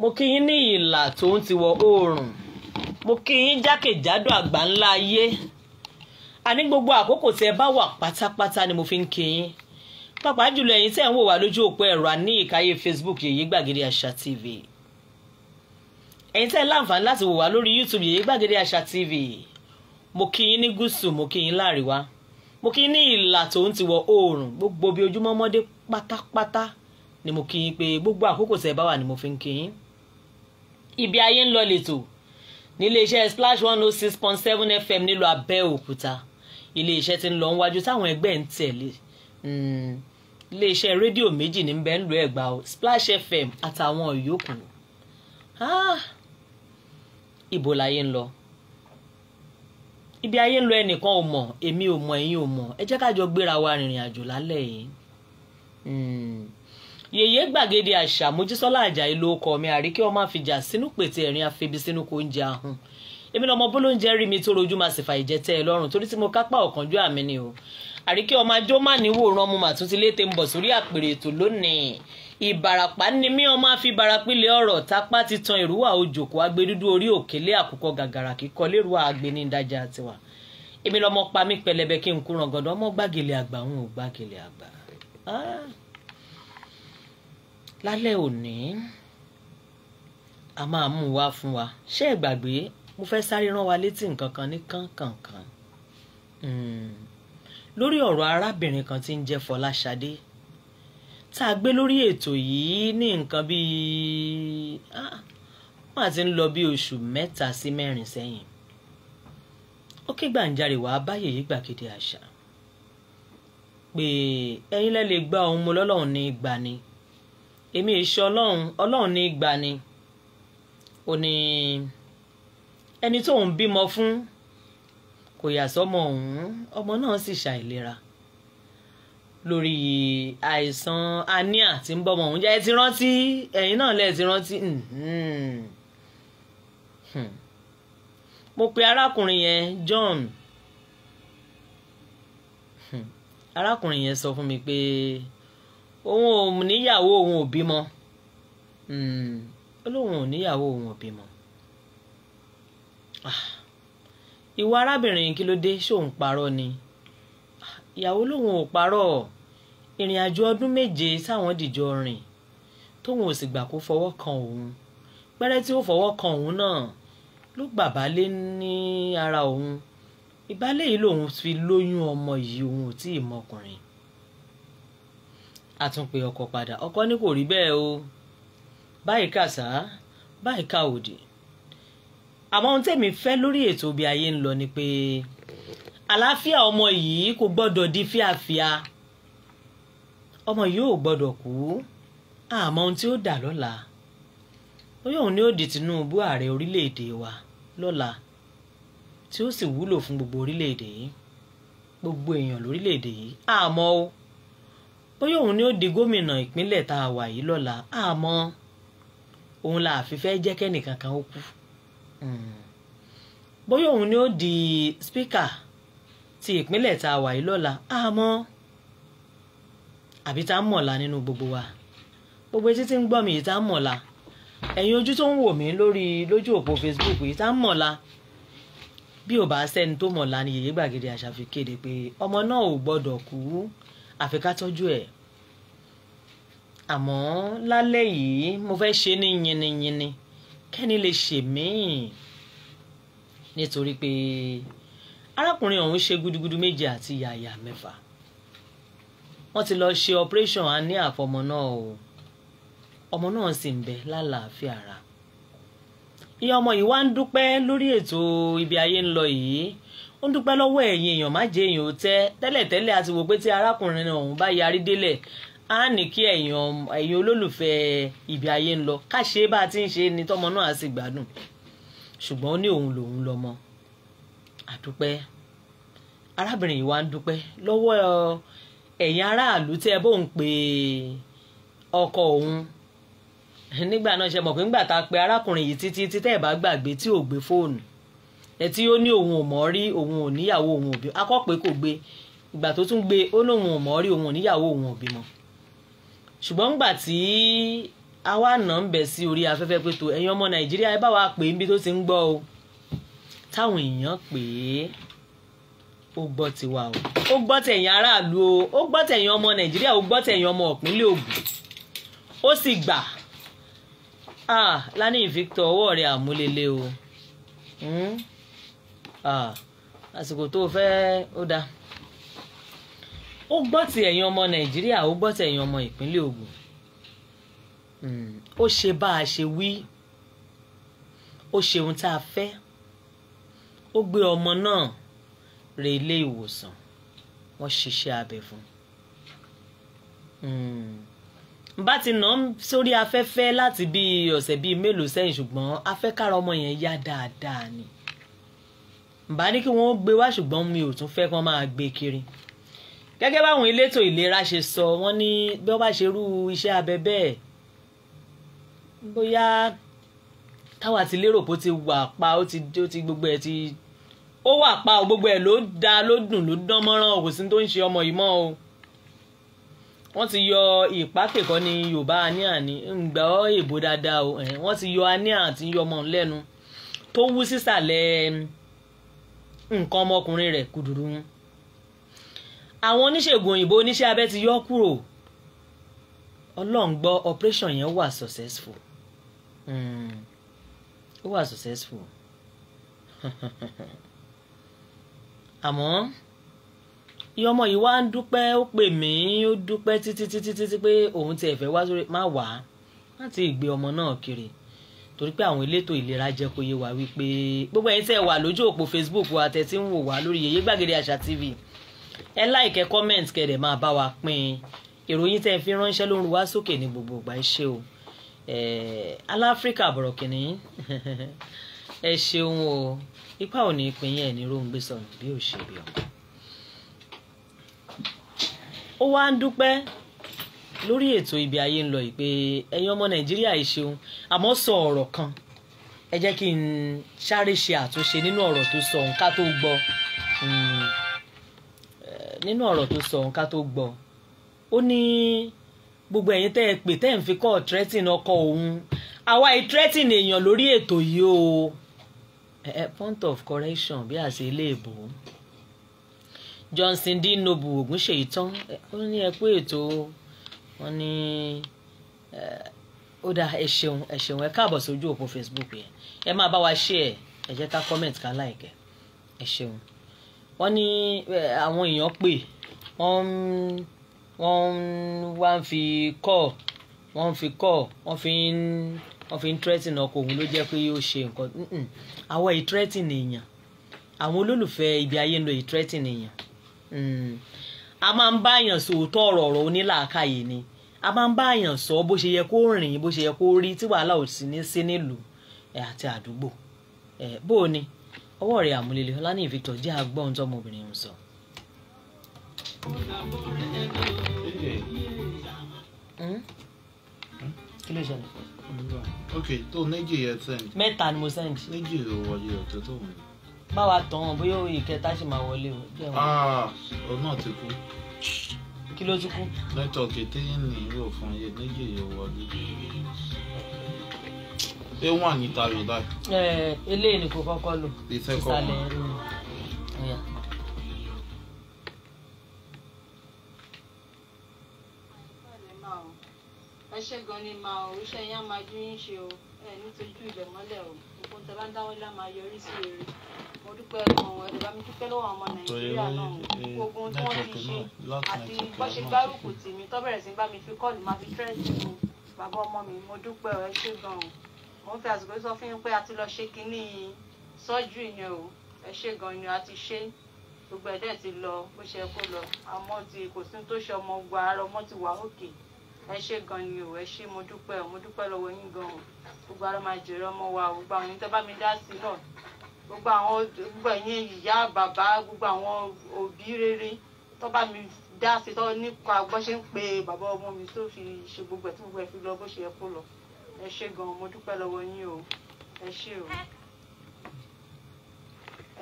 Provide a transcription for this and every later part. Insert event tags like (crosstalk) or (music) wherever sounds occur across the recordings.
mo kí yín ní ìlà tó ń ti wọ oòrùn mo kí yín jákèjádò àgbà ńlá ayé àní gbogbo àkókò tí ẹ bá wà pátápátá ni mo fi ń kí yín pàápàá jùlọ ẹ̀yin tẹ́ ń wò wá lójú òpó ẹ̀rọ àní ìkáyé Facebook Yèyé Gbàgede Àṣà TV ẹ̀yin tẹ́ láǹfààní láti wò wá lórí YouTube Yèyé Gbàgede Àṣà TV mo kí yín ní gúúsù mo kí yín láàríwá mo kí yín ní ìlà tó ń ti wọ oòrùn gbogbo bí ojúmọ́mọ́dé pátápátá ni mo kí yín pé gbogbo àkókò tẹ́ bá wà ni mo fi ń kí yín ibi ayé ń lọ lẹ́tọ̀ níléeṣẹ́ splash one oh six point seven fm nílùú abẹ́òkúta iléeṣẹ́ tí ń lọ níwájú táwọn ẹgbẹ́ ń tẹ̀lé hmm, iléeṣẹ́ rédíò méjì ní bẹ́ẹ̀ ń lo ẹ̀gbá o splash fm àtàwọn yòókù ah, ibo láyé ń lọ ibi ayé ń lọ ẹnìkan ò mọ̀ èmi ò mọ̀ ẹ̀yin ò mọ̀ ẹ jẹ́ ká jọ gbéra wa rìnrìn àjò lálẹ́ yìí. Hmm yèyé gbàgede àṣà mojísọ́lá àjàyí ló kọ mi àríkí ọmọ àfijà sínú pètè ẹ̀rín afebi sínú kò ń jẹ ahun èmi lọmọ bó ló ń jẹ rí mi tó rojú máa sì fàyè jẹ tẹ́ ẹ lọ́rùn torí tí mo kápá ọ̀kánjú àmì ni o àríkí ọmọ ajó má ní wòran mo mà tún ti léte ń bọ̀ sórí àpèrè ètò lónìí ìbàràpá ni mí ọmọ àfi ìbàràpìlẹ̀ ọ̀rọ̀ tapá ti tan ìrúwà òjòkó agbẹdúdú orí òkèlé àkùkọ gàgàrà kíkọ lérúwà agbẹnidájà tiwa èmi lọmọ pa mí pẹlẹbẹ kí n kú ràn ọmọ gbàgèlè àgbà ń ò gbàgèlè àgbà. Ah lálẹ́ òní a máa mú wá fún wa ṣé ẹ gbàgbé mo fẹ́ sáré rán wa létí nǹkan kan ní kánkànkàn hmm. lórí ọ̀rọ̀ arábìnrin kan tí ń jẹ́ Fọláṣadé tá a gbé lórí ètò yìí ní nǹkan bíi ah, wọ́n àti ń lọ bí oṣù mẹ́ta sí mẹ́rin sẹ́yìn ó ké gbàǹjarè wàá báyè yìí gbàgede àṣà pé ẹ̀yin lẹ́ lè gba òun mo lọ́lọ́run ní gbani èmi ìṣe ọlọ́run ọlọ́run ní gbà ni ó ní ẹni tóun bímọ fún kò yà sọ́mọ ọ̀hún ọmọ náà sì ṣàìlera lórí àìsàn aníà tí ń bọ́mọ ọ̀hún jẹ́ ẹ ti rántí ẹ̀yin náà lẹ́ẹ̀ ti rántí hmm. mo pe arákùnrin yẹn John hmm. arákùnrin yẹn sọ fún mi pé. Pe òun ò níyàwó òun ò bímọ hmm. ó lóun ò níyàwó òun ò bímọ ah. ìwà arábìnrin kí ló dé ṣóun parọ́ ni ah, ìyàwó lòun ò parọ́ ìrìn àjò ọdún méje sáwọn dìjọ rìn tóun ò sì gbà kó fọwọ́ kan òun pẹ́rẹ́ tí ó fọwọ́ kan òun náà ló gbàbálé ní ara òun ìbálẹ̀ yìí lòun fi lóyún ọmọ yìí òun ò tí ì mọkùnrin a tún pe ọkọ padà ọkọ ní kò rí bẹ́ẹ̀ o báyìí kàṣá báyìí ká òdì àmọ́ ohun tẹ̀mí fẹ́ lórí ètò ibi ayé ń lọ ni pé àlàáfíà ọmọ yìí kò gbọ́dọ̀ di fíàfíà ọmọ yìí ò gbọ́dọ̀ kú àmọ́ ohun tí ó dà lọ́la bóyá òun ni ó Tinubu ààrẹ orílẹ̀-èdè wa lọ́la tí ó sì wúlò fún gbogbo orílẹ̀-èdè yìí gbogbo èèyàn lórílẹ̀-èdè yìí àmọ́ o bóyá òun ni ó di gómìnà ìpínlẹ̀ tá a wà yìí lọ́la àmọ́ òun là á fi fẹ́ jẹ́ kẹ́nìkankan ó kú hmm. bóyá òun ni ó di spíkà ti ìpínlẹ̀ tá a wà yìí lọ́la àmọ́ àbí tá a mọ̀la nínú gbogbo wa gbogbo etí tí ń gbọ́ mi yìí tá a mọ̀la ẹ̀yin ojú tó ń wò mí lórí lójú òpó Facebook yìí tá a mọ̀la bí ò bá sẹ́ni tó mọ̀la ni Yèyé Gbàgede Àṣà fi kéde pé ọmọ náà ò gbọ́dọ̀ kú àfi ká tọ́jú ẹ̀ àmọ́ lálẹ́ yìí mo fẹ́ ṣe ní yinniyinni kẹ́ni lè ṣe míì nítorí pé arákùnrin ọ̀hún ṣe gudugudu méje àti yàyà mẹ́fà wọ́n ti lọ ṣe operation hernia fọ́mọ náà o ọmọ náà sì ń bẹ lálàáfíà ara ìyá ọmọ yìí wá ń dúpẹ́ lórí ètò ibi ayé ń lọ yìí ó ń dúpẹ́ lọ́wọ́ ẹ̀yin èèyàn má jẹ́ èèyàn ò tẹ́ tẹ́lẹ̀tẹ́lẹ̀ àti wò pé tí arákùnrin ọ̀hún bá yarí délẹ̀ á ní kí ẹ̀yin ẹ̀yin olólùfẹ́ ibi ayé ń lọ ká ṣe bá a ti ń ṣe ni tọmọ náà á sì gbádùn ṣùgbọ́n ó ní òun lòun lọmọ àdúpẹ́ arábìnrin yìí wá ń dúpẹ́ lọ́wọ́ ẹ̀yin aráàlú tẹ́ bóun pé ọkọ òun nígbà náà ṣe mọ̀ pé ńgbà tá a pe arákùnrin yìí títí títẹ́ ẹ̀ bá gbàgbé tí ò gbé fóònù ẹ tí ó ní òun ò mọ̀ rí òun ò níyàwó òun ò bí akọ́ pé kò gbé ìgbà tó tún gbé ó lóun ò mọ̀ rí òun ò níyàwó òun ò bímọ ṣùgbọ́n ńgbà tí àwa nà ń bẹ̀ sí orí afẹ́fẹ́ pé tó ẹ̀yin ọmọ nàìjíríà ẹ bá wa pè é níbi tó ti ń gbọ́ o táwọn èèyàn pè é ó gbọ́ tiwa o ó gbọ́ tẹ̀yìn aráàlú o ó gbọ́ tẹ̀yìn ọmọ nàìjíríà ó gbọ́ tẹ̀yìn ọmọ ìpínlẹ̀ Ògùn ó sì gbà ah lánìí Victor ọwọ́ rẹ̀ àmúlélẹ́ o. Mm? àsìkò tó fẹ́ ó dáa ó gbọ́ ti ẹ̀yin ọmọ nàìjíríà ó gbọ́ ti ẹ̀yin ọmọ ìpínlẹ̀ Ògùn hmm, ó ṣe bá a ṣe wí ó ṣe ohun tá a fẹ́ ó gbé ọmọ náà re ilé ìwòsàn wọ́n ṣiṣẹ́ abẹ fún un hmm, bá ti nà sórí afẹ́fẹ́ láti bíi ọ̀sẹ̀ bíi mélòó sẹ́yìn ṣùgbọ́n afẹ́kára ọmọ yẹn yá dáadáa ni. Mm bá ní kí wọ́n gbé wá ṣùgbọ́n mi ò tún fẹ́ kí wọ́n máa gbé kiri gẹ́gẹ́ báwọn elétò ìlera ṣe sọ wọ́n ní bí wọ́n bá ṣe rú iṣẹ́ abẹ bẹ́ẹ̀ bóyá táwa ti lérò pé ó ti wà pa ó ti ó ti gbogbo ẹ̀ ti ó wà pa ó gbogbo ẹ̀ ló da ló dùn ló dán mọ́rán kò sí tó ń ṣe ọmọ yìí mọ́ o wọ́n ti yọ ìpákẹ́kọ̀ọ́ ní yorùbá ania ní ǹgbà ọ́ èbó dáadáa o wọ́n ti yọ ania àti yọmọ lẹ́nu tó wú sísàlẹ̀ ẹ̀ nǹkan ọmọkùnrin rẹ̀ kùdùrú àwọn oníṣègùn òyìnbó oníṣẹ́ abẹ ti yọ kúrò ọlọ́run gbọ́ operation yẹn wà successful hmm. ó wà successful (laughs) àmọ́ iye ọmọ yìí wá ń dúpẹ́ ó pè mí ó dúpẹ́ títí títí títí pé òun tiẹ̀ fẹ́ wá sórí má wàá láti ìgbé ọmọ náà kiri torí pé àwọn elétò ìlera jẹ́ kó yé wa wípé gbogbo ẹ̀yin tẹ́ wà lójú òpó Facebook wa tẹ́ ti ń wò wá lórí Yèyé Gbàgede Àṣà TV ẹ láìkẹ́ comment kẹ̀dẹ̀ máa bá wa pín ìròyìn tẹ́ ẹ fi ránṣẹ́ ló ń wá sókè ní gbogbo ìgbà ẹ ṣé o aláfríkà bọ̀rọ̀ kìnní (laughs) ẹ ṣeun o ipa ò ní pín ní róńgbé sọ̀rọ̀ bí ò ṣe bí ọkọ ó wá ń dúpẹ́ lórí ètò ibi ayé ń lọ yìí pé ẹ̀yin ọmọ nàìjíríà ẹ ṣeun sọ ọ̀rọ̀ kan ẹ jẹ́ kí n sáré ṣe àtúnṣe nínú ọ̀rọ̀ tó sọ nǹka tó gbọ́ hmm. eh, nínú ọ̀rọ̀ tó sọ nǹka tó gbọ́ ó ní gbogbo ẹ̀yin tẹ́ ẹ pè tẹ́ ẹ̀ ń fi kọ́ threatening ọkọ òun àwa ì threatening èèyàn lórí ètò yìí o eh, eh, point of correction bí àṣẹ ilé ìbò Johnson D. Noble Ògúnṣèyí tán ó ní ẹ pé ètò wọ́n ní ó dáa ẹ ṣeun ẹ ṣeun sí ojú òpó Facebook yẹn ẹ máa bá wa share ẹ jẹ́ ká comment ká like ẹ ṣeun wọ́n ní àwọn èèyàn pè wọ́n wọ́n wá ń fi call wọ́n ń fi call wọ́n fi ń wọ́n fi ń threaten ọkọ òun ló jẹ́ pé yóò ṣe nǹkan àwọn ìtreating èèyàn àwọn olólùfẹ́ ibi ayé ń lo ìtreating èèyàn mm a máa ń báyàn sòótọ́ ọ̀rọ̀ ọ̀rọ̀ onílàákàyè ni a máa ń báyàn sọ bó ṣe yẹ kó rìn bó ṣe yẹ kó rí tí wàhálà ò sí ní sí nílùú àti àdúgbò bó o ní ọwọ́ rẹ̀ àmúlélẹ̀ ọlánìyí Victor jẹ́ agbọ́n tọmọbìnrin ń sọ. Hmm? kí ló ṣẹlẹ̀. ok tó o méjì yẹn send. mẹ́ta ni mo send. méjì ló wọlé ọ̀tọ̀ tó wọlé bá wa tàn án bóyá òye ìkẹta ṣì máa wọlé o. ọ ah, náà ti kú. kí ló ti kú. nẹ́tọ̀ọ̀kì téyìn ní ìró fún iye méjì yóò wọlé. ṣé wọn ní tayọ láì. ẹ eléyìí ni kò kọ́kọ́ lò. ìsàlẹ̀ ẹ̀rọ. ẹ ṣe gan ni màá o iṣẹ́ yẹn máa dún ṣe o ẹ nítorí ìbẹ̀mọ́lẹ̀ o ohun tẹ́ bá ń dáwọ́lé máa bàbá ọmọ mi mo dúpẹ́ ẹ ṣé gan-an mo ń àsìkò sọ fún yín pé a ti lọ ṣe kínní sọ́jú yẹn o ẹ ṣé gan-an ni a ti ṣe gbogbo ẹ̀dẹ̀ ti lọ bó ṣe kó lọ àmọ́ ti kò sí tó ṣe ọmọ gbọ́ ara ọmọ ti wà òkè. Okay ẹ ṣe gan yín o ẹ ṣe mo dúpẹ́ o mo dúpẹ́ lọ́wọ́ yín gan o gbogbo ara máa jèrè ọmọ wa o gbogbo àwọn yín tẹ́ bá mi dá sí náà gbogbo àwọn gbogbo ẹ̀yin ìyá bàbá gbogbo àwọn òbí rere tó bá mi dá sí tó nípa bó ṣe ń pe bàbá ọmọ mi tó fi ṣe gbogbo ẹ̀ tó gbogbo ẹ̀ fi lọ bó ṣe yẹ kó lọ ẹ ṣe gan mo dúpẹ́ lọ́wọ́ yín o ẹ ṣe o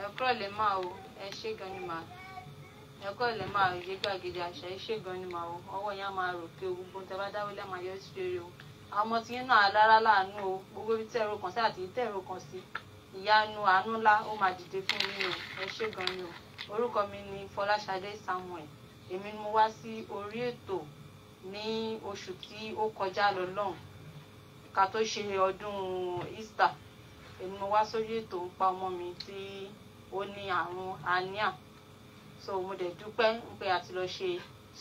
ẹ kúrò lè máa o ẹ ṣe gan ni màá ẹ̀kọ́ ilẹ̀ máa yé gbàgede àṣà iṣẹ́ gan ni màá o ọwọ́ yẹn á máa rò pé gbogbo tẹ bá dáwọ́ lẹ́ẹ̀ máa yọ sí rere o àwọn ọmọ tí yín náà lára láàánú o gbogbo ibi tẹ́ẹ̀rọ kan sí àti tẹ́ẹ̀rọ kan sí ìyanu àánú ńlá ó máa dìde fún mi o ẹ ṣé gan ni o orúkọ mi ni Fọláṣadé Samuel èmi ni mo wá sí orí ètò ní oṣù tí ó kọjá lọ lọ́hùn ká tó ṣe ọdún Easter èmi mo wá sórí ètò ń pa ọmọ mi tí ó ní àrùn hernia so mo dẹ̀ dúpẹ́ pé a ti lọ ṣe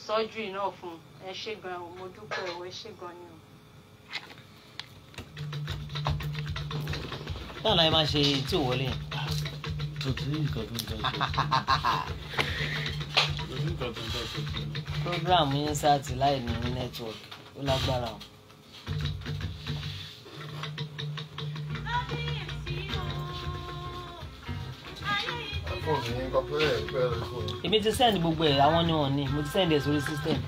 surgery náà fún un ẹ ṣé gan o mo dúpẹ́ o ẹ ṣé gan ni o. báwo la ẹ máa ṣe tí ò wọlé yẹn. program yín sáà tí láì ní nẹ́tíwọ̀kì ó lágbára o. fóònù yín kọ́pẹ́rẹ́ ìpẹ́rẹ́ fóònù. èmi ti send gbogbo ẹ̀ àwọn ni wọ́n ní mo ti send ẹ̀ sórí system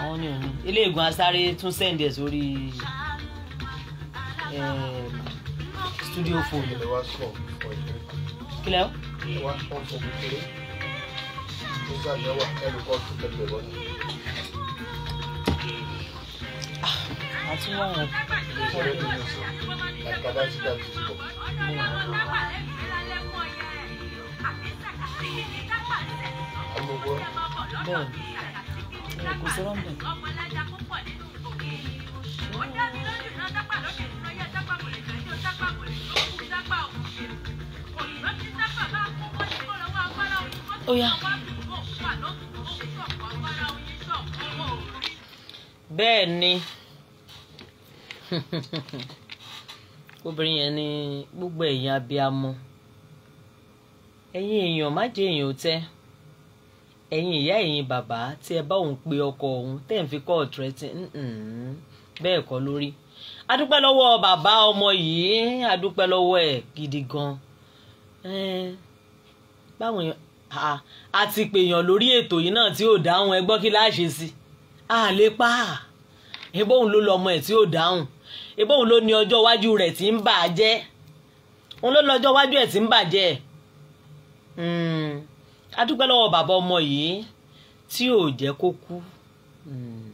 àwọn ni wọ́n ní iléegun asáré tún send ẹ̀ sórí eh, studio phone. kílẹ̀ wá sọ fún ẹ. kílẹ̀ o. kílẹ̀ wá sọ fún mi pé mo ṣàyẹ̀wò ẹnìkan tó tẹ̀lé lọ́dún. àtúwọ̀n rẹ̀. ìṣòro ìdílé sọ àkàbà ti dàbí ìbò. lọ́wọ́ bẹ́ẹ̀ ni kò sí rọ́ǹdì. ó yá. bẹ́ẹ̀ ni (laughs) obìnrin yẹn ni gbogbo èèyàn abiyamọ ẹ̀yin èèyàn má jẹ́ èèyàn ẹ̀yin ìyá ẹ̀yin bàbá tí ẹ bá òun pe ọkọ òun tẹ̀ ń fi kọ́ ọ̀tẹ́tì bẹ́ẹ̀ kọ́ lórí adúpẹ́ lọ́wọ́ bàbá ọmọ yìí adúpẹ́ lọ́wọ́ ẹ̀ gidi gan báwọn àti pèèyàn lórí ètò yìí náà tí ò dáhùn ẹ gbọ́ kí láṣẹ sí a lè pa ìbóhùn ló lọ ọmọ ẹ̀ tí ò dáhùn ìbóhùn ló ní ọjọ́ iwájú rẹ̀ tí ń bà òun ló lọ́jọ́ iwájú ẹ̀ tí ń bàjẹ́ ẹ̀. Hmm adúpẹ́ lọ́wọ́ bàbá ọmọ yìí tí ò jẹ́ kó kú hmm.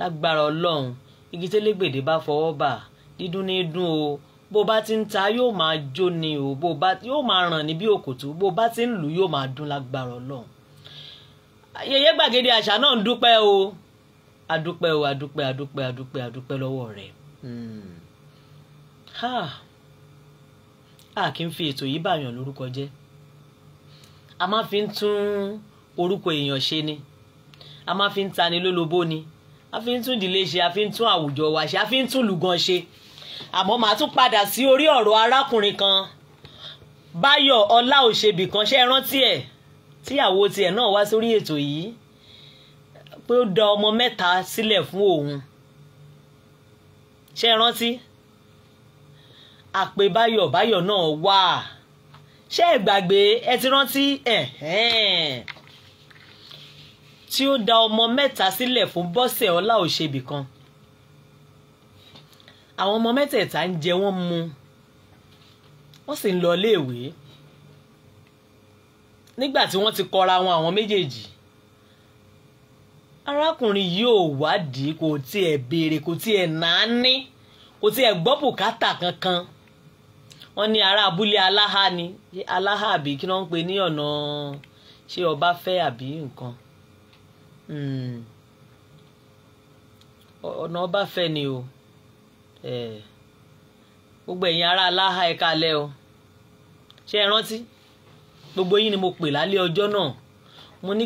lágbára ọlọ́run igi télégbèdè bá fọwọ́ bà dídún ní dún o bó bá ti ń ta yóò máa jó ni o bó bá yóò máa ràn ní bí òkòtó bó bá ti ń lù yóò máa dún lágbára ọlọ́run yèyé gbàgede àṣà náà ń dúpẹ́ o adúpẹ́ o adúpẹ́ adúpẹ́ adúpẹ́ adúpẹ́ lọ́wọ́ rẹ̀ hmm. a kì í fi ètò yìí bàyàn lórúkọ jẹ́ a máa fi ń tún orúkọ èèyàn ṣe ni a máa fi ń tani lólobó ni a fi ń tún ìdílé ṣe a fi ń tún àwùjọ wa ṣe a fi ń tún lùgàn ṣe àmọ́ màá tún padà sí orí ọ̀rọ̀ arákùnrin kan Báyọ̀ Ọláòṣebì kan ṣe é rántí ẹ̀ tíyàwó tiẹ̀ náà wá sórí ètò yìí pé ó da ọmọ mẹ́ta sílẹ̀ fún òun ṣe rántí àpè Báyọ̀ Báyọ̀ náà wà ṣé ẹ gbàgbé ẹ ti rántí tí ó da ọmọ mẹ́ta sílẹ̀ fún bọ́sẹ̀ ọlá òṣèbì kan àwọn ọmọ mẹ́tẹ̀ẹ̀ta ń jẹ wọ́n mu wọ́n sì ń lọ iléèwé nígbà tí wọ́n ti kọra wọn àwọn méjèèjì arákùnrin yóò wádìí kò tiẹ̀ béèrè kò tiẹ̀ náání kò tiẹ̀ gbọ́ bùkátà kankan wọ́n ní ará abúlé aláha ni aláha àbí kí wọ́n ń pè ní ọ̀nà ṣé ọba fẹ́ àbí nǹkan hmm. ọ̀nà ọba fẹ́ ni o eh. gbogbo ẹ̀yin ará aláha ẹ̀ka alẹ́ o ṣé ẹ rántí gbogbo yín ni mo pè lálẹ́ ọjọ́ náà mo ní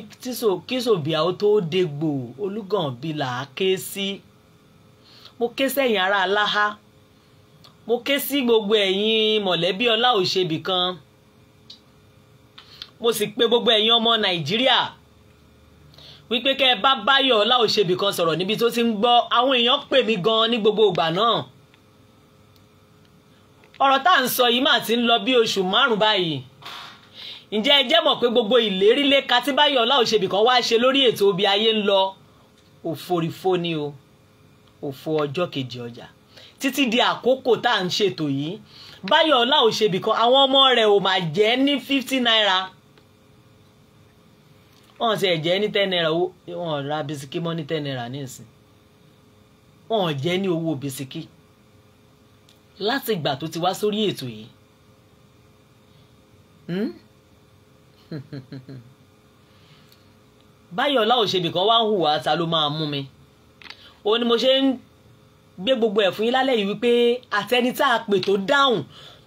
kí Sòbìà ó tó dégbò Olúgànbí là á ké sí mo ké sẹ́yìn ará aláha mo ké sí gbogbo ẹ̀yin mọ̀lẹ́bí ọlá òṣèbì kan mo sì pè gbogbo ẹ̀yin ọmọ nàìjíríà wípé kẹ́ ẹ bá báyọ̀ ọlá òṣèbì kan sọ̀rọ̀ níbi tó ti ń gbọ́ àwọn èèyàn pè mí gan ní gbogbo ìgbà náà ọ̀rọ̀ tá à ń sọ yìí mà ti ń lọ bí oṣù márùn-ún báyìí ǹjẹ́ ẹ jẹ́ mọ̀ pé gbogbo ìlérílé katíbáyọ̀ ọlá òṣèbì kan wáá ṣe lórí ètò obì ayé ń lọ òforìfo ni o òfo ọjọ́ kejì ọjà títí di àkókò tá à ń ṣètò yìí báyọ̀ ọlá ò ṣe bìkan àwọn ọmọ rẹ̀ ò mà jẹ́ ní fifty naira wọ́n ti ẹ̀jẹ̀ ní ten naira wọ́n ra bisikí mọ́ ní ten naira nísìn wọ́n jẹ́ ní owó bisikí láti ìgbà tó ti wá sórí ètò yìí hmm? (laughs) báyọ̀ ọlá ò ṣe bìkan wá ń hùwà ta ló máa mú mi ó ní mo ṣe ń gbé gbogbo ẹ̀ fún yín lálẹ́ yìí wípé àtẹni tá a pè tó dáhùn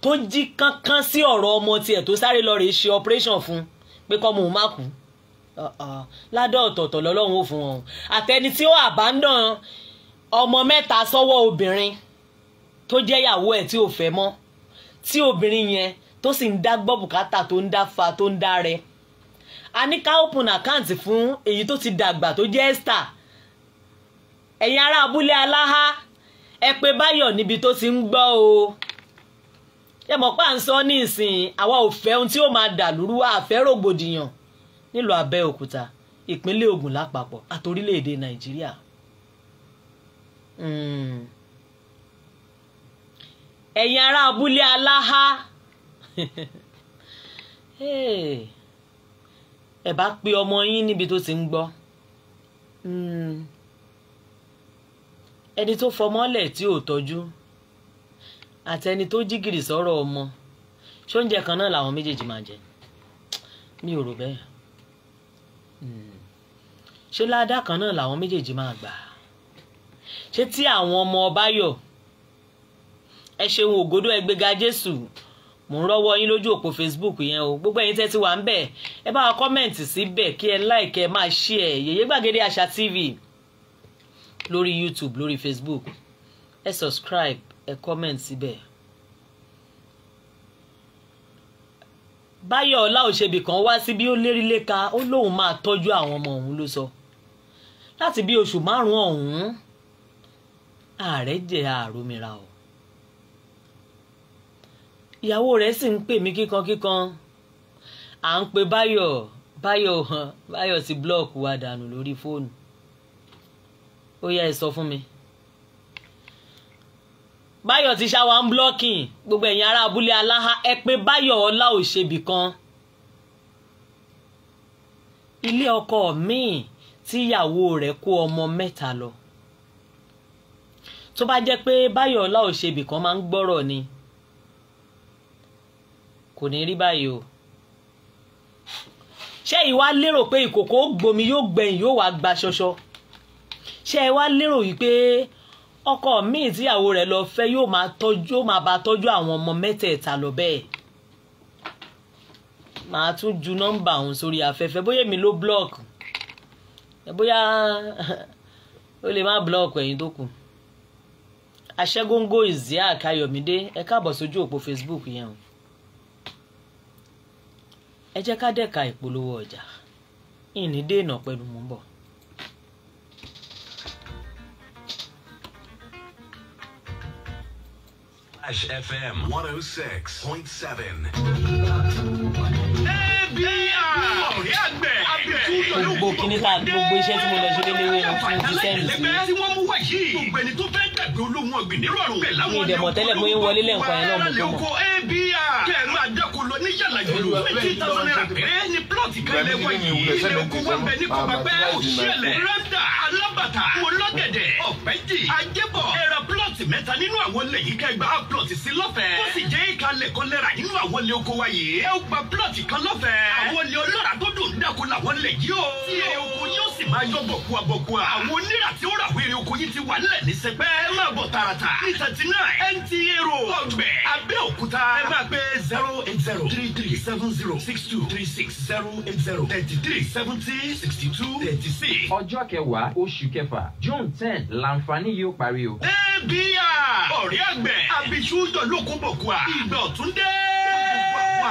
tó jí kánkán sí ọ̀rọ̀ ọmọ tiẹ̀ tó sáré lọ rèé ṣe operation fún pé kọ́ mo má kú uh-uh. ládọ̀ ọ̀tọ̀ọ̀tọ̀ lọ́lọ́run ó fún wọn àtẹni tí ó àbádàn ọmọ mẹ́ta sọ́wọ́ obìnrin tó jẹ́ ìyàwó ẹ̀ tí ò fẹ́ mọ́ tí obìnrin yẹn tó sì ń dá gbọ́ bùkátà tó ń dá fa tó ń dá rẹ a ní ká open account fún èyí tó ti dàgbà tó jẹ́ Esther ẹ̀yin ará abúlé aláhá ẹ pé báyọ̀ níbi tó ti ń gbọ́ o ẹ mọ̀ pá ń sọ ní ìsìn àwa ò fẹ́ ohun tí ó máa dà lúrú àfẹ́ rògbòdìyàn nílùú Abẹ́òkúta ìpínlẹ̀ Ògùn lápapọ̀ àtòrílẹ̀-èdè Nàìjíríà hmm. ẹ̀yin ará abúlé aláhá (laughs) ẹ bá pe ọmọ yín níbi tó ti ń gbọ́. Hmm ẹni tó fọmọ́lẹ̀ tí ò tọ́jú àtẹni tó jígìrì sọ̀rọ̀ ọmọ ṣóúnjẹ kan náà làwọn méjèèjì máa jẹ mi ò rò bẹ́ẹ̀ hmm. ṣé ládà kan náà làwọn méjèèjì máa gbà ṣé tí àwọn ọmọ ọba yọ ẹ ṣeun ògodó ẹgbẹga jésù mò ń rọ́wọ́ yín lójú òpó facebook yẹn o gbogbo ẹ̀yin tẹ́ ti wà ń bẹ̀ ẹ bá wa kọ́mẹ̀ǹtì síbẹ̀ kí ẹ láìkẹ́ máa ṣí ẹ̀ yèyé gbàgede àṣà tv lórí youtube lórí facebook ẹ subscribe ẹ comment síbẹ̀. báyọ̀ ọláòṣèbí kan wá síbi ó lérí léka ó lóun máa tọ́jú àwọn ọmọ òun ló sọ láti bí oṣù márùn-ún ọ̀hún ààrẹ jẹ́ àròmìra o ìyàwó rẹ̀ sì ń pè mí kíkankíkan à ń pe báyọ̀ báyọ̀ báyọ̀ sí búlọ́ọ̀kù wa dànù lórí fóònù ó yá ẹ sọ fún mi. báyọ̀ ti ṣá wa ń blocking gbogbo ẹ̀yin ará abúlé aláha ẹ pé báyọ̀ ọlá ò ṣe bì kan. ilé ọkọ míì tíyàwó rẹ̀ kó ọmọ mẹ́ta lọ. tó bá jẹ́ pé báyọ̀ ọlá ò ṣe bì kan máa ń gbọ́rọ̀ ni kò ní rí báyìí o ṣé ìwà lérò pé ìkòkò gbomi yóò gbẹ̀yìn yóò wá gba ṣọṣọ ṣé ẹ wá lérò wípé ọkọ míì tíyàwó rẹ̀ lọ fẹ́ yóò máa tọ́jú yóò máa bá tọ́jú àwọn ọmọ mẹ́tẹ̀ẹ̀ta lọ bẹ́ẹ̀ màá tún ju nọ́mbà òun sórí afẹ́fẹ́ bóyá èmi ló blọọkù bóyá (laughs) ó lè má blọọkù ẹ̀yin tó kù aṣẹ́góńgó ìzíà káyọ̀mídé ẹ káàbọ̀ sójú òpó Facebook yẹn o ẹ jẹ́ ká dẹ̀ka ìpolówó ọjà ìní dènà pẹ̀lú mú bọ̀. Ash FM 106.7. Gbogbo kíní tá gbogbo iṣẹ́ tí mo lọ ṣe lélẹ́wé ni fún Dísẹ́ǹdì sí. Gbogbo ẹni tó fẹ́ dàgbé olóhùn ọ̀gbìn nírọ̀rùn pẹ̀lú Mi ò dẹ̀ mọ̀ tẹ́lẹ̀ bóyá wọlé lẹ́ǹkan yẹn náà mo tó mọ̀. Kẹ́ ẹ máa dẹ́kun lọ ní yàrá jòló twenty thousand naira péré ní plọ́ọ̀tì kan lẹ́wọ̀ yìí. Ilé oko wa bẹ ní kọ̀ọ̀bà plọ̀tì mẹ́ta nínú àwọn ilẹ̀ yìí kẹgbà plọ̀tì sí lọ́fẹ̀ẹ́. ó sì jẹ́ ìkàlẹ̀ kan lẹ́ra nínú àwọn ilé oko wa yìí. ẹ ó gba plọ̀tì kan lọ́fẹ̀ẹ́. àwọn ilé ọlọ́ra tó dùn dáko làwọn ilẹ̀ yìí o. tí èrè oko yóò sì máa yọ bọ̀kúabọ̀kúa. àwọn onírà tí ó rà wéré oko yìí ti wà nílẹ̀ ní sẹpẹ́. ẹ máa bọ̀ tààràtà ní thirty nine NTA road ọgbẹ́ Abẹ́òkúta. ẹ máa pe zero eight zero three three seven zero six two three six zero eight zero thirty three seventy sixty two thirty six. ọjọ́ kẹwàá oṣù kẹfà June ten làǹfààní yóò parí o. Hey! bíà ọ̀rẹ́ àgbẹ̀ abiṣu jọ̀lókun bòkua ìgbà ọ̀tún dé gbogbo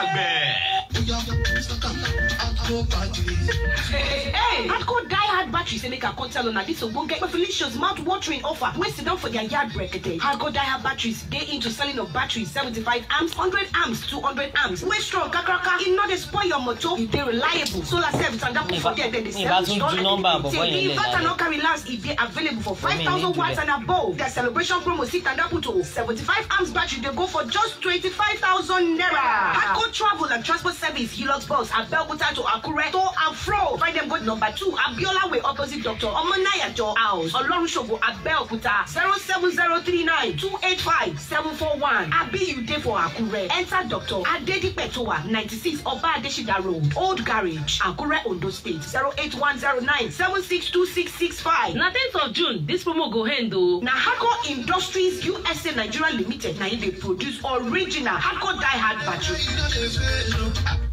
hard batteries wey make her come tell una dis ogbonge wey felicia's mouth watering offer wey sit down for their yard brekete her go die her batteries dey into selling of batteries seventy-five amps hundred amps two hundred amps wey strong kakaraka e no dey spoil your motor e dey reliable solar cells and that for there dem dey sell with strong energy till the inverter no carry last e dey available for five thousand watts and above their celebration promo sit and that put to seventy-five amps battery dey go for just twenty-five thousand naira hardcore travel and transport service hilux bus abeokuta to akure to and fro find dem go number two abiola kọ́láwé opposite doctor ọmọnáyàjọ house ọlọ́runṣògo abẹ́òkúta zero seven zero three nine two eight five seven four one abi you for akure enter doctor adedipetuwa ninety six ọba adesida road old garage akure ondo state zero eight one zero nine seven six two six six five na tenth of june dis promo go end o. Oh. na hardcore industries usa nigeria limited na im dey produce original hardcore die hard battery.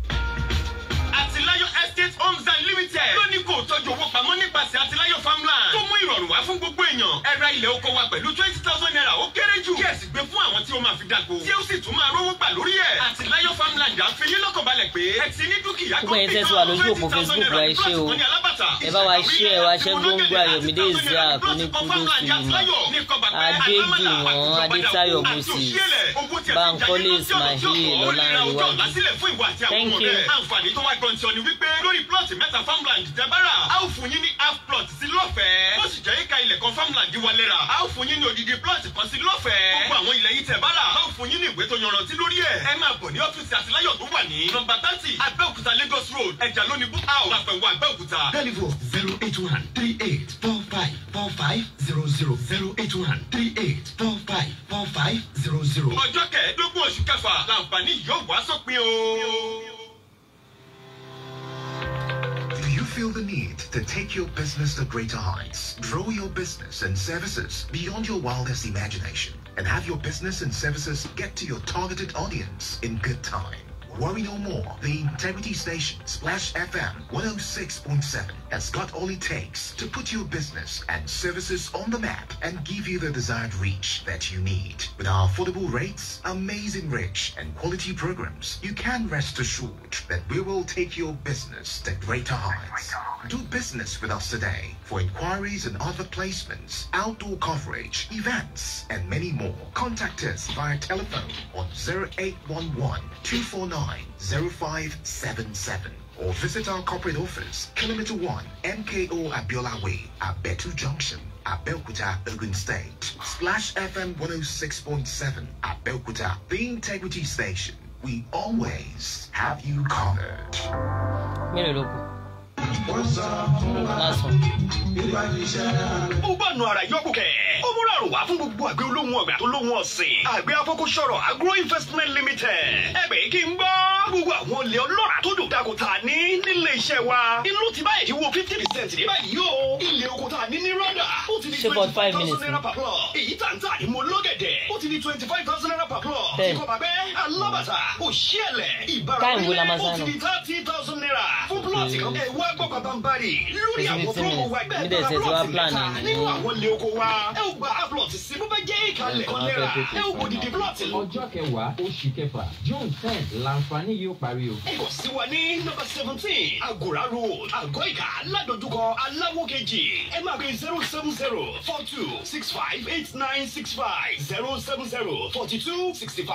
wá fún gbogbo èèyàn ẹ ra ilẹ̀ oko wa pẹ̀lú twenty thousand naira ó kéré jù kí ẹ sì gbé fún àwọn tí ó máa fi dàgbò tí ó sì tún máa rówó gbà lórí ẹ̀ àti farmland à ń fi yín lọ́kàn balẹ̀ pé ẹ ti ní dúkìá tó fi tán twenty thousand naira ní plọ́ọ̀tù kan alábàtà ìṣàkóso ní àǹfààní tó wá gbọ́n ti ọ ni wípé lórí plọ́ọ̀tì mẹ́ta farmland dabara a ó fún yín ní half plot sí lọ́fẹ̀ẹ́ ó sì ẹ̀ka ilẹ̀ kan farmland wa lẹ́ra a ó fún yín ní odidi plot kan sí lọ́fẹ̀ẹ́ gbogbo àwọn ilẹ̀ yìí tẹ̀ bára a ó fún yín ní ìwé tó yanrantí lórí ẹ̀ ẹ máa bọ̀ ní ọ́fíìsì àtìláyọ̀ tó wà ní nọ́mbà thirty Abẹ́òkúta Lagos road ẹ̀jà lónìí book out àpẹ̀wò Abẹ́òkúta. tẹlifo zero eight one three eight four five four five zero zero zero eight one three eight four five four five zero zero. ọjọ́ kẹẹ̀ẹ́dógún oṣù kẹfà làǹfààní yóò wá sópin o. feel the need to take your business to greater heights, grow your business and services beyond your wildest imagination, and have your business and services get to your targeted audience in good time. Worry no more. The Integrity Station, Splash FM 106.7, has got all it takes to put your business and services on the map and give you the desired reach that you need. With our affordable rates, amazing reach, and quality programs, you can rest assured that we will take your business to greater heights. Do business with us today for inquiries and other placements, outdoor coverage, events, and many more. Contact us via telephone on 0811 249 0577 or visit our corporate office, Kilometer 1, MKO Abiola Way, Abetu Junction, Abelkuta, Ogun State. Splash FM 106.7, Abelkuta, the integrity station. We always have you covered. ó ara yọkù ó múra àrùwá fún gbogbo àgbẹ̀ olóhùn ọ̀gbà tó lóhùn ọ̀sìn àgbẹ̀ afọ́kúsọ̀rọ̀ agro investment limited ẹgbẹ́ kí n gbọ́ gbogbo àwọn olè ọlọ́ra tó dùn tako ta ní nílé iṣẹ́ wa inú ti báyìí wo fifty percent ní báyìí o ilé oko ta ní ní rọ́dà ó ti di twenty five thousand naira per plot èyí tàǹtà ni mo lọ́gẹ̀dẹ̀ ó ti di twenty five thousand naira bẹ́ẹ̀ alábàtà òṣìẹ̀lẹ̀ ìbáraẹnilẹ̀ ó ti di thirty thousand naira fún plọ̀tì kan ẹ̀ wá gbọ́ pàbámbarì lórí àwọn promo wa ìbẹ́ẹ̀ bá plọ̀tì mẹ́ta nínú àwọn ilé oko wa ẹ ò gba plọ̀tì sí bó bá jẹ́ ìkàlẹ̀ kan náírà ẹ ò wò dìdì plọ̀tì. ọjọ́ kẹwàá oṣù kẹfà june ten làǹfààní yóò parí o. ẹ sí wa ní nọ́mbà seventeen agora road àgọ́ìkà aládojúkọ aláwọ̀ kejì ẹ máa pe zero seven zero four two six five eight nine six five zero seven zero forty two sixty five.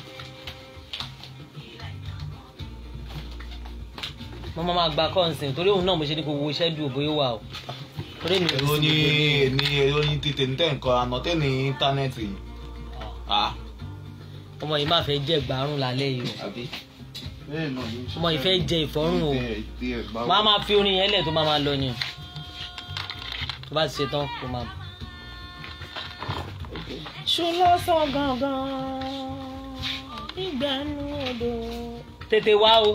mo máa gba kọ́ǹsìn torí òun náà mo ṣe ní kò wo iṣẹ́ dùn bóyá wà o. èrò ni èmi èrò ni tètè ní tẹ̀ǹkan àná tẹ̀ ní íńtánẹ́ẹ̀tì. ọmọ yìí máa fẹ́ jẹ́ gbàrún lálẹ́ yìí o ọmọ yìí fẹ́ jẹ ìfọ́rùn o máa máa fi orin yẹn lẹ̀ tó máa máa lọ yẹn tó bá ti ṣe tán kó máa. ṣùlọ́sọ̀ gangan ìgbẹ́nu odò. tètè wá o.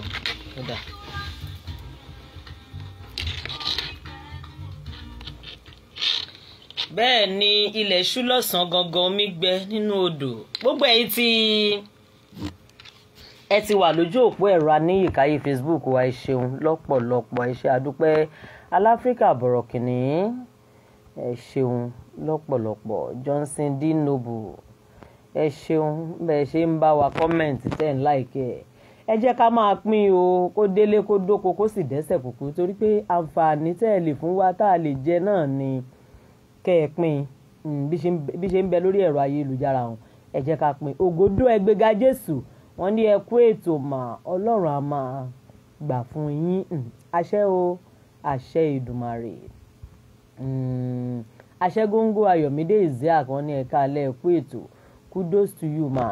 bẹ́ẹ̀ ni ilẹ̀ ṣú lọ́sàn-án gangan omi gbẹ nínú odò gbogbo ẹ̀yin tí ẹ ti wà lójú òpó ẹ̀rọ aníyìkáyé Facebook wa ẹ ṣeun lọ́pọ̀lọpọ̀ ẹ ṣe àdúpẹ́ aláfríkà bọ̀rọ̀kìnní ẹ ṣeun lọ́pọ̀lọpọ̀ Johnson D Noble ẹ ṣeun bẹ́ẹ̀ ṣe ń bá wa comment ten like láìkẹ́ ẹ̀ ẹ jẹ́ ká máa pín o kó délé kó dóko kó sì dẹ́sẹ̀ kúkú torí pé àǹfààní tẹ́ fún wa tá a lè jẹ náà ni. Like kẹ́ ẹ pín bí ṣe ń bẹ lórí ẹ̀rọ ayélujára ọ̀hún ẹ jẹ́ ká pín ògòdó ẹgbẹ́ga jésù wọ́n ní ẹ kú ètò mà ọlọ́run á máa gbà fún yín hmm, àṣẹ o àṣẹ ìdùmarè hmm, àṣẹ góńgó ayọ̀mídé isiaq wọ́n ní ẹ káalẹ́ ẹ ètò kudos to you ma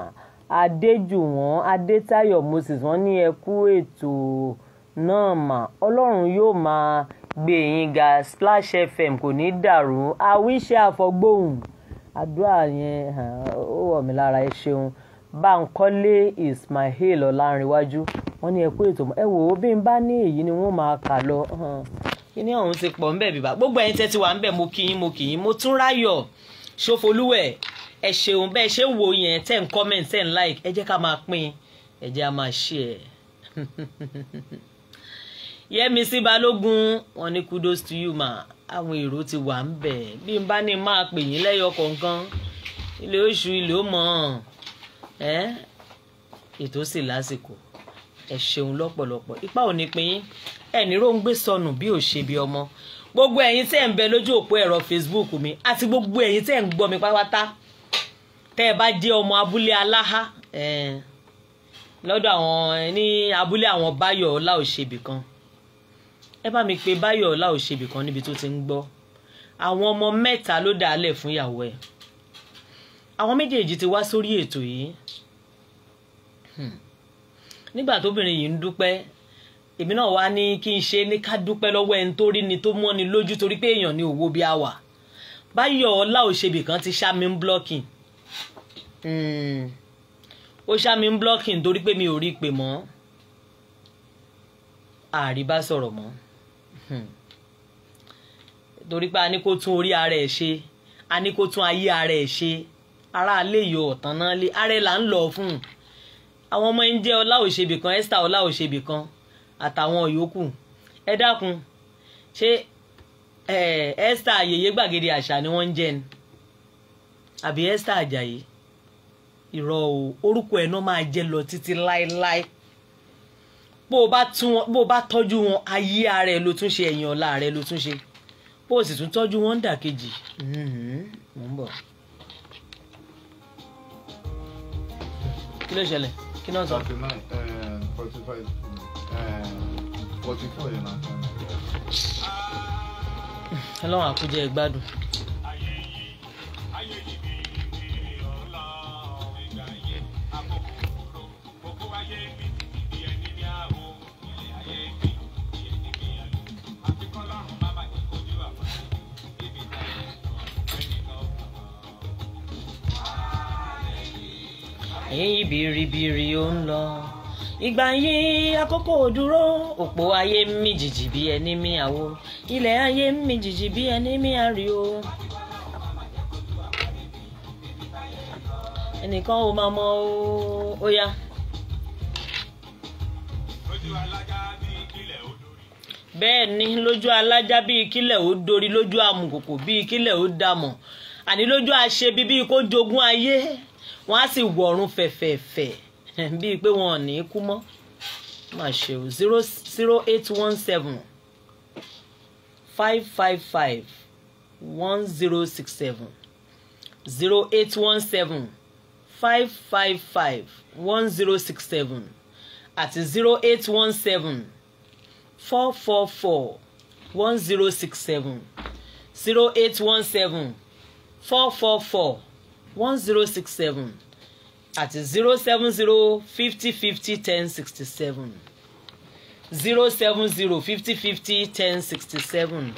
adéjùwọ̀n adétayọ̀ moses wọ́n ní ẹ ètò náà mà ọlọ́run yóò máa gbẹ̀yìngà Splash FM kò ní dàrú àwíṣe àfọgbóhùn àdúrà yẹn ó wọ̀ mí lára ẹ ṣeun Bánkọ́lé Ismail Ọlárìnwájú wọ́n ní ẹ kú ètò ẹ wò ó bí n bá ní èyí ni wọ́n máa kà lọ kíní ọ̀hún ti pọ̀ ńbẹ̀ bíbá gbogbo ẹ̀yin tẹ́ ti wà ńbẹ̀ mo kì í mo kì í mo tún ráyọ̀ ṣòfolúwẹ̀ ẹ ṣeun bẹ́ẹ̀ ṣe ń wo yẹn tẹ́ ń comment tẹ́ ń like ẹ jẹ́ ká máa pín ẹ jẹ́ á máa share. (laughs) Yẹ́misí Balógun wọ́n ní kudos to you ma àwọn èrò ti wà ń bẹ̀ bí n bá ní máa pè yín lẹ́yọ kọ̀ọ̀kan ilé oṣù ilé ó mọ̀ ẹ́ ètò sì lásìkò ẹ ṣeun lọ́pọ̀lọpọ̀ ipa ò ní pín ẹni ró ń gbé sọnù bí ò ṣe bí ọmọ gbogbo ẹ̀yin tẹ́ ń bẹ lójú òpó ẹ̀rọ Facebook mi àti gbogbo ẹ̀yin tẹ́ ń gbọ́ mi pátápátá tẹ́ ẹ bá jẹ́ ọmọ abúlé aláhá lọ́dọ̀ àwọn ní abúlé àwọn báyọ̀ ọlá òṣèbì kan ẹ bá mi pé báyọ̀ ọ̀la ò ṣe ibìkan níbi tó ti ń gbọ́ àwọn ọmọ mẹ́ta ló dà á lẹ̀ fún ìyàwó ẹ̀ àwọn méjèèjì ti wá sórí ètò yìí hmm. nígbà tóbìnrin yìí ń dúpẹ́ èmi náà wá ní kí n ṣe ní ká dúpẹ́ lọ́wọ́ ẹni tó rí ni tó mọ́ ni lójú torí pé èèyàn ní òwò bí a wà báyọ̀ ọ̀la ò ṣe ti ṣá mi ń blocking hmm. ó ṣá mi ń blocking torí pé mi ò rí i pè mọ́ àríbá sọ̀rọ̀ mọ́. Hmm. torí pé a ní kó tún orí ara ẹ̀ ṣe a ní kó tún ayé ara ẹ̀ ṣe ara alẹ́ yìí ọ̀tán náà lé ara ẹ̀ là ń lọ fún un àwọn ọmọ ń jẹ́ ọlá òṣèbì kan Esther ọlá òṣèbì kan àtàwọn yòókù ẹ dákun ṣé Esther ayẹyẹ gbàgede àṣà ni wọ́n ń jẹ́ ni àbí Esther Ajayi irọ́ orúkọ ẹ̀ náà máa jẹ́ lọ títí láéláé bó o bá tọ́jú wọn ayé ara ẹ ló tún ṣe ẹ̀yìn ọ̀la rẹ ló tún ṣe bó o sì tún tọ́jú wọn ń dà kejì. Mm-hmm. mo ń bọ̀. kí ló ṣẹlẹ̀ kí náà sọ. thirty nine um, forty five um, forty four yẹn náà. ọlọ́run àkójẹ ìgbádùn. ń lọ ìgbà yìí àkókò dúró òpó ayé ń mì jìjì bí ẹni mì àwo ilẹ̀ ayé ń mì jìjì bí ẹni mì àríò. ẹnìkan ò máa mọ ó yá. bẹ́ẹ̀ ni lójú alájá bíi kílẹ̀ ó dorí lójú amùkòkò bíi kílẹ̀ ó dàmọ̀ àní lójú àṣebi bíi kó jogún ayé wọ́n á sì wọ̀run fẹ̀fẹ̀fẹ̀. (laughs) bíi pé wọn ò ní kú mọ́ má ṣe o zero zero eight one seven five five five one zero six seven zero eight one seven five five five one zero six seven àti zero eight one seven four four four one zero six seven zero eight one seven four four four one zero six seven àti zero seven zero fifty fifty ten sixty seven zero seven zero fifty fifty ten sixty seven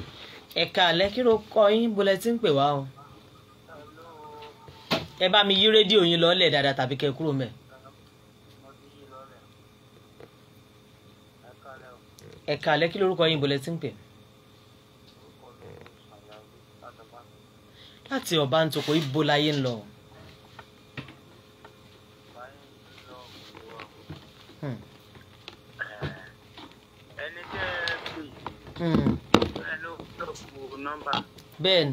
ẹ̀ka àlẹ́ kí ló kọ yín bólẹ̀ tí ń pè wá o ẹ bá mi yí rédíò yín lọ́lẹ̀ dáadáa tàbí kẹ́ kúrò mẹ́. ẹ̀ka àlẹ́ kí lórúkọ tí ń pè. láti ọ̀bá ń tokò láyé ń Mm. bẹ́ẹ̀ ló lọ fún nọ́mbà. bẹ́ẹ̀ni.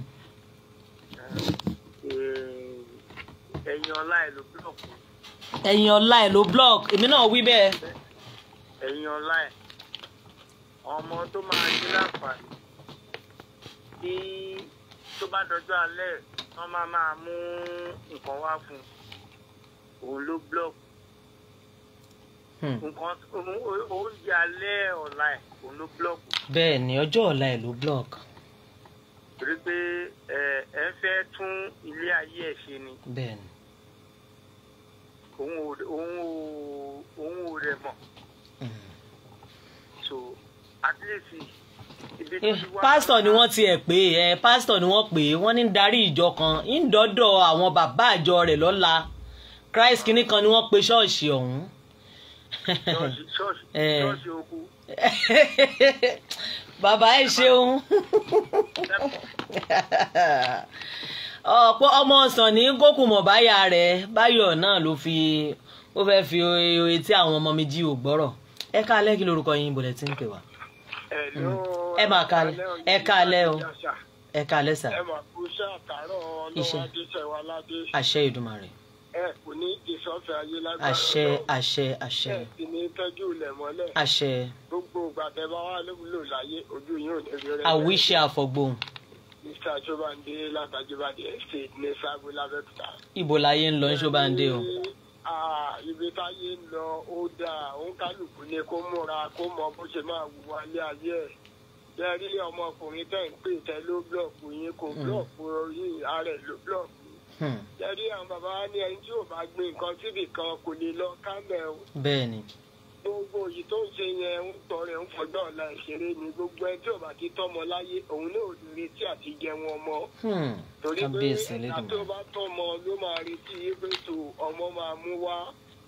ẹ̀yin ọlá ẹ̀ ló búlọ̀kù. ẹ̀yin ọlá ẹ̀ ló búlọ̀kù èmi náà wí bẹ́ẹ̀. ẹ̀yin ọlá ẹ̀ ọmọ tó máa ṣe láǹfààní tí tó bá dọjọ́ alẹ́ wọ́n máa máa mú nǹkan wá fún un òun ló búlọ̀kù hmm. nǹkan oúnjẹ alẹ́ ọ̀la ẹ̀ òun ló búlọ̀kù bẹ́ẹ̀ ni ọjọ́ ọ̀la ẹ̀ ló block. torí pé ẹ ẹ fẹ́ tún ilé ayé ẹ̀ ṣe ni. bẹ́ẹ̀ òun ò òun ò rẹ̀ mọ̀. Mm. so at least eh, pásítọ̀ ni wọ́n tiẹ̀ pé ẹ pásítọ̀ ni wọ́n pè é wọ́n ní darí ìjọ kan ń dọ́dọ̀ àwọn bàbá àjọ rẹ̀ lọ́la Christ kìíní kan ni wọ́n pe ṣọ́ọ̀ṣì ọ̀hún. ṣọ́ọ̀ṣì ṣọ́ọ̀ṣì (laughs) eh. ṣọ́ọ̀ṣì okú. (laughs) bàbá ẹ ṣeun (laughs) ọ̀pọ̀ ọmọ ọ̀sán ní gókùnmọ̀ báyà rẹ̀ báyọ̀ náà ló fi ó fẹ́ fi oye tí àwọn ọmọ mi jí ò gbọ́rọ̀ ẹ káalẹ́ kí lorúkọ yín bọ̀lẹ̀ tí ń pè wá. Mm. ẹ máa káalẹ́ ẹ káalẹ́ o ẹ káalẹ́ sà. ẹ máa kú iṣẹ́ àtàrọ̀ ọlọ́wọ́ adéṣẹ́wáládé. àṣẹ Èdùmàrè ẹ kò ní ìsọfẹ ayé lágbára àṣẹ àṣẹ ẹ sì ní tọ́jú ilẹ̀ mọ́lẹ̀ gbogbo gbàtẹ bá wà lóòlò láyé ojú yóò ní rẹ. àwíṣe àfọ̀gbọ̀n. mr jobande látàjọbàdé state ní sábò lábẹ́kúta. ibo láyé ń lọ jobande o. ibi táyé ń lọ ó dáa òun kálukú ni kó múra kó mọ bó ṣe máa wù wálé ayé ẹ̀ jẹ́rí ọmọkùnrin tẹ̀ ń pè tẹ́ ló blọọ̀kù yín kò hmm. blọọ̀kù yín ara ẹ̀ ló blọọ̀kù Hmm. jẹ́rí àwọn bàbá wa ní ẹni tí ò bá gbin nǹkan síbì kan kò lè lọ kámẹ́ o. bẹ́ẹ̀ni. gbogbo òyì tó ń ṣe yẹn ń tọrẹ ń fọjọ́ ọ̀la ìṣeré ni gbogbo ẹni tí ò bá ti tọ́mọ láyé òun náà ò lè retí àti jẹun ọmọ. Hmm. torí pé ìgbà tó bá tọ́mọ ló máa retí pé tó ọmọ máa mú wá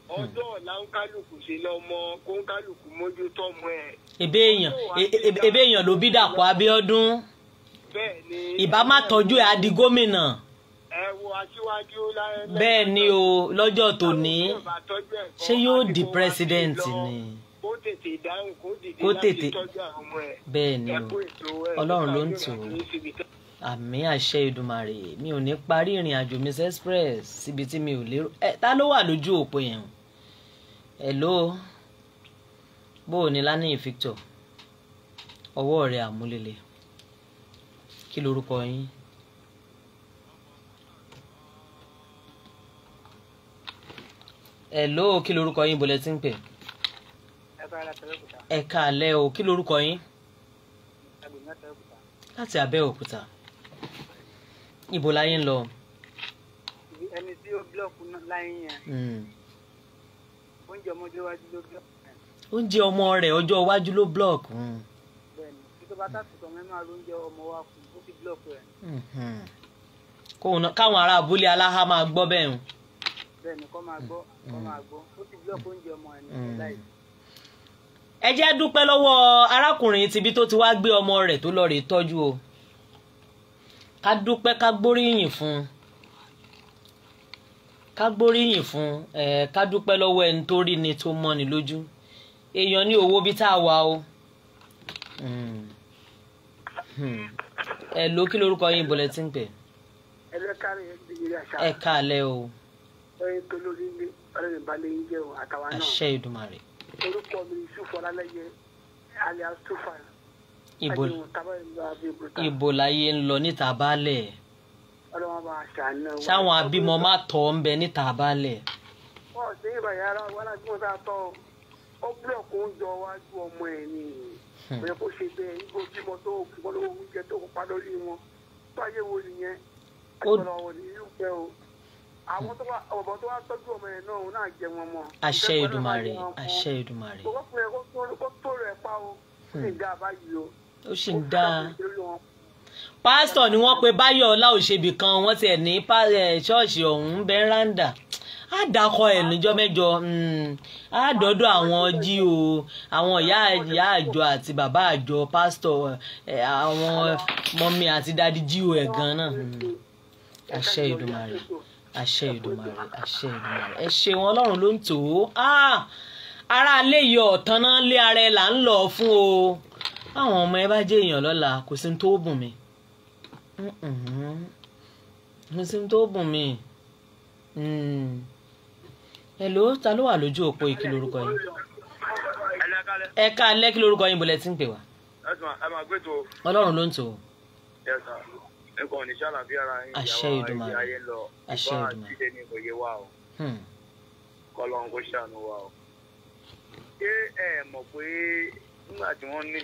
hmm. ọjọ́ ọ̀la ń kálukú sí lọ́mọ kó ń kálukú mójútó ọmọ ẹ̀. ebe èèyàn e, e, ló bí Dàpọ̀ Abíọ́dún ìbá má tọ́jú ẹ̀ á ẹ wo aṣíwájú láyé. bẹ́ẹ̀ ni o lọ́jọ́ tòní ṣé yóò di president ni kó tètè bẹ́ẹ̀ ni o ọlọ́run ló ń tò ó àmì àṣẹ Èdùmàrè mi ò ní parí ìrìn àjò Miss Express síbi tí mi ò lérò ẹ ta ló wà lójú òpó yẹn o hello bó o ní lánìí Victor ọwọ́ rẹ̀ àmúlélẹ̀ kí lorúkọ yín. hello kí lorúkọ yín bọ̀lẹ̀ tí ń pè. o kí lorúkọ yín. láti Abẹ́òkúta. ibo la yín lọ. ẹni tí ó hmm. yẹn. oúnjẹ ọmọ rẹ̀ ọjọ́ iwájú ló ìjọba hmm. ọmọ wa kù ó fi búlọ̀kù rẹ̀. Hmm. káwọn ará abúlé aláhà máa gbọ́ bẹ́ẹ̀ bẹ́ẹ̀ ni kọ́ máa gbọ́ kọ́ mm. máa gbọ́ ó ti búlọ́ọ̀kì oúnjẹ ọmọ ẹ̀ ní mm. láì. ẹ jẹ́ dúpẹ́ lọ́wọ́ arákùnrin tibí tó ti wá gbé ọmọ rẹ̀ tó lọ rè tọ́jú o ká dúpẹ́ ká gbóríyìn fún ká gbóríyìn fún ẹ ká dúpẹ́ lọ́wọ́ ẹni tó rí ni tó mọ́ni lójú èèyàn ní owó bí tá a wà o. ẹ mm. hmm. ló kí lorúkọ yín bọ̀lẹ́ tí ń pè. ẹ káàlẹ́ o ẹyin tó lórí ilé ọlọ́run ìbálẹ̀ yín jẹ́ òun náà. àṣẹ Èdùmàrè. orúkọ mi yusuf ọlálẹyẹ alias tufa. ibo láyé ń lọ níta baálẹ̀. ọlọ́run bá a ṣàánú. sáwọn abímọ má tọ́ ń bẹ níta baálẹ̀. wọ́n ṣe é bàyá ara wọn láti wọ́n ta tọ́ ọ búlọ̀kù ń jọ wájú ọmọ ẹ̀ ni bẹ́ẹ̀ hmm. kó ṣe bẹ́ẹ̀ ibo bímọ tó kún lówó oúnjẹ tó kópa lórí wọn tó ayé wo nìyẹn àwọn tó wá ọ̀bọ̀ tó wá tọ́jú ọmọ yẹn náà náà jẹ wọn mọ́. àṣẹ Èdùmàrè àṣẹ Èdùmàrè. owó fún yẹn kó tó rẹ pa o ó sì ń hmm. dá báyìí o. ó sì ń dá pásítọ̀ ni wọ́n pe báyọ̀ ọláòṣèbí kan wọ́n ti ẹ̀ ní ṣọ́ọ̀ṣì ọ̀hún bẹ́ńdà á dákọ̀ ẹ̀ níjọ́ mẹ́jọ hmm. àwọn jí o àwọn ìyá àjọ àti bàbá àjọ pásítọ̀ àwọn mọ́mí àti dádì jí o ẹ̀ gan náà hmm. àṣẹ Èdùmàrè àṣẹ ìdùmarè àṣẹ ìdùmarè ẹ ṣeun ọlọ́run ló ń tò ó ah! ara alẹ́ yọ ọ̀tán náà lé ara ẹ là ń lọ fún o àwọn ọmọ ẹ bá jẹ́ èèyàn lọ́la kò sí tó bùn mí kò sí tó bùn mí ẹ hmm. ló ta ló wà lójú òpó yìí kí lorúkọ yín ẹ ká alẹ́ kí lorúkọ yín bọ̀lẹ́ tí ń pè wá ọlọ́run ló ń tò ó nípa oníṣẹ́ àlàáfíà ara yín ìyàwó ayé lọ ìbá àtìlẹ́ ní ìwòye wa o hmm. kọlọ́n kó ṣàánú wa o. ṣé ẹ mọ̀ pé nígbà tí wọ́n ní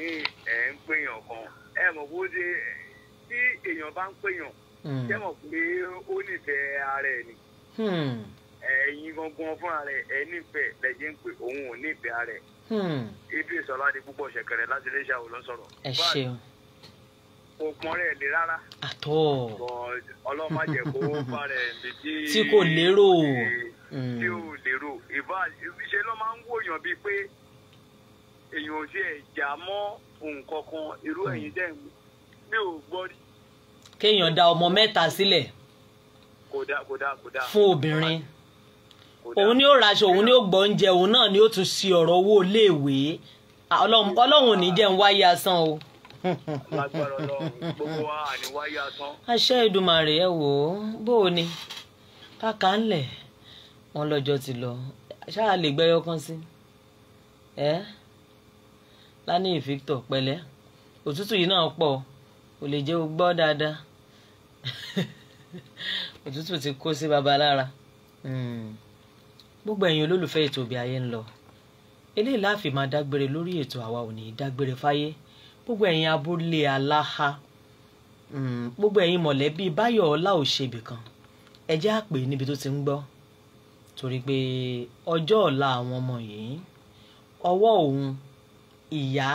ẹ̀ ń pèèyàn kan ẹ mọ̀ pé ó ṣe tí èèyàn bá ń pèèyàn hmm. ṣé mọ̀ pé ó nífẹ̀ẹ́ ara ẹ̀ ni hmm. ẹ̀yin gangan fún ara ẹ̀ nífẹ̀ẹ́ lẹ́jẹ̀ ń pè òun ò nífẹ̀ẹ́ ara ẹ̀. ibi ìsọ̀lá di púpọ̀ ṣẹ̀kẹ̀rẹ̀ láti iléeṣẹ́ àwòrán sọ̀rọ̀ kò pọn rẹ̀ lé rárá. àtọ. ọlọ́mọ jẹ kó (laughs) bá rẹ̀ méjì. tí kò lérò. Mm. tí ò lérò ìbá ṣe ló máa ń wòyàn bíi pé èèyàn ò tiẹ̀ jà mọ́ nǹkan kan irú mm. ẹ̀yìn dẹ̀ mi ò gbọ́ rí. kéèyàn da ọmọ mẹ́ta sílẹ̀. kódà kódà kódà. fún obìnrin òun ni ó raṣọ òun ni ó gbọ́ oúnjẹ òun náà ni ó tún ṣe ọ̀rọ̀ owó iléèwé ah, ọlọ́run ò ní jẹ́ wáyé asán o. Kódà, kódà, lágbára Ọlọ́run gbogbo wa àníwáyà tán. aṣẹ́ Èdùmàrè ẹ wò ó bó o ni káka ńlẹ̀ wọn lọ́jọ́ ti lọ ṣáà lè gbẹ́yọ kan sí ẹ lani Victor pẹ̀lẹ́ òtútù yìí náà pọ̀ ò lè jẹ́ o gbọ́ dáadáa (laughs) òtútù ti kó sí baba lára hmm. gbogbo ẹ̀yin olólùfẹ́ ètò òbí ayé ń lọ eléyìí láàfin máa dágbére lórí ètò àwa ò ní dágbére fáyé gbogbo ẹ̀yin abúlé aláha mm. gbogbo ẹ̀yin mọ̀lẹ́bí báyọ̀ ọlá ò ṣe ibìkan ẹ jẹ́ àpè níbi tó ti ń gbọ́ torí pé ọjọ́ ọ̀la àwọn ọmọ yìí ọwọ́ òun ìyá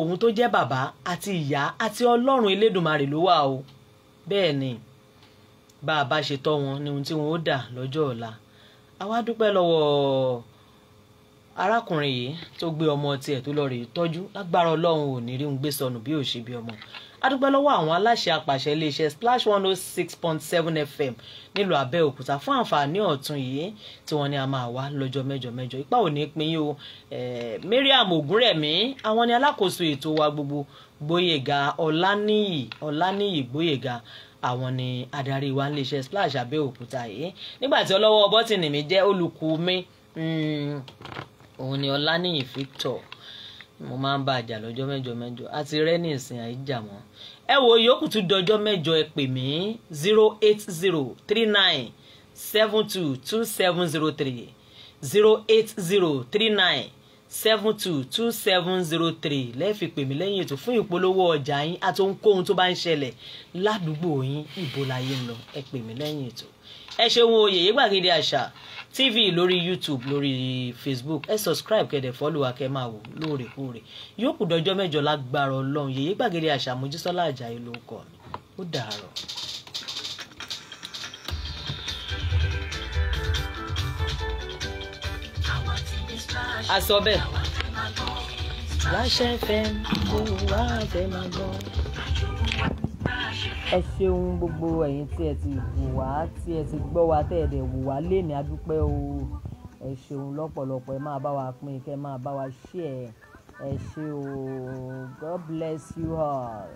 òun tó jẹ́ bàbá àti ìyá àti ọlọ́run elédùnmarè ló wà o bẹ́ẹ̀ ni bá a bá ṣe tọ́ wọn ni ohun tí wọn ó dà lọ́jọ́ ọ̀la àwa dúpẹ́ lọ́wọ́ arákùnrin yìí tó gbé ọmọ tiẹ̀ tó lọ rèé tọ́jú lágbára ọlọ́run ò ní rí un gbé sọnù bí ò ṣe bí ọmọ adúpẹ́ lọ́wọ́ àwọn aláṣẹ apàṣẹ iléeṣẹ́ splash one oh six point seven fm nílùú abẹ́òkúta fún àǹfààní ọ̀tún yìí tí wọ́n ní a máa wá lọ́jọ́ mẹ́jọ mẹ́jọ ipa ò ní pín yín o mariam ògúnrẹ̀mí àwọn ni alákòóso ètò wa gbogbo gbóyèga ọláníyì ọláníyì gbóyèga àwọn ni adarí wa iléeṣẹ́ splash abẹ́òkúta yìí nígbà ọlọ́wọ́ bọ́tìnì mi jẹ́ olùkú mi. Hmm, òun ni ọlánìyí Victor mo máa ń bá àjà lọ́jọ́ mẹ́jọ mẹ́jọ a ti rẹ́ ní ìsìn àìjà mọ́ ẹ wo ìyókù tún dọjọ́ mẹ́jọ ẹ pè mí zero eight zero three nine seven two two seven zero three zero eight zero three nine seven two two seven zero three lẹ́ẹ̀fì pè mí lẹ́yìn ètò fún ìpolówó ọjà yín àti ohunkóhun tó bá ń ṣẹlẹ̀ ládùúgbò yín ìbò láyé ń lọ ẹ pè mí lẹ́yìn ètò ẹ ṣeun oyè yìí gbàgede àṣà tv lórí youtube lórí facebook ẹ subscribe kẹ́dẹ̀ follow wa kẹ́ máa wò lóòrèkóòrè yóò kù dọjọ́ mẹ́jọ lágbára ọlọ́run yèyé gbàgede àṣà mojísọ́lá àjàyí ló ń kọ́ mi ó dàárọ̀. àsọ̀bẹ̀ láṣẹ fẹ́ kó wá fẹ́ máa gbọ́ ẹ ṣeun gbogbo ẹ̀yin tí ẹ ti wò wá tí ẹ ti gbọ́ wá tẹ́ ẹ dẹ̀ wò wá léèní adúpẹ́ o ẹ ṣeun lọ́pọ̀lọpọ̀ ẹ máa bá wa pín kẹ́ ẹ máa bá wa share ẹ ṣe o God bless you all.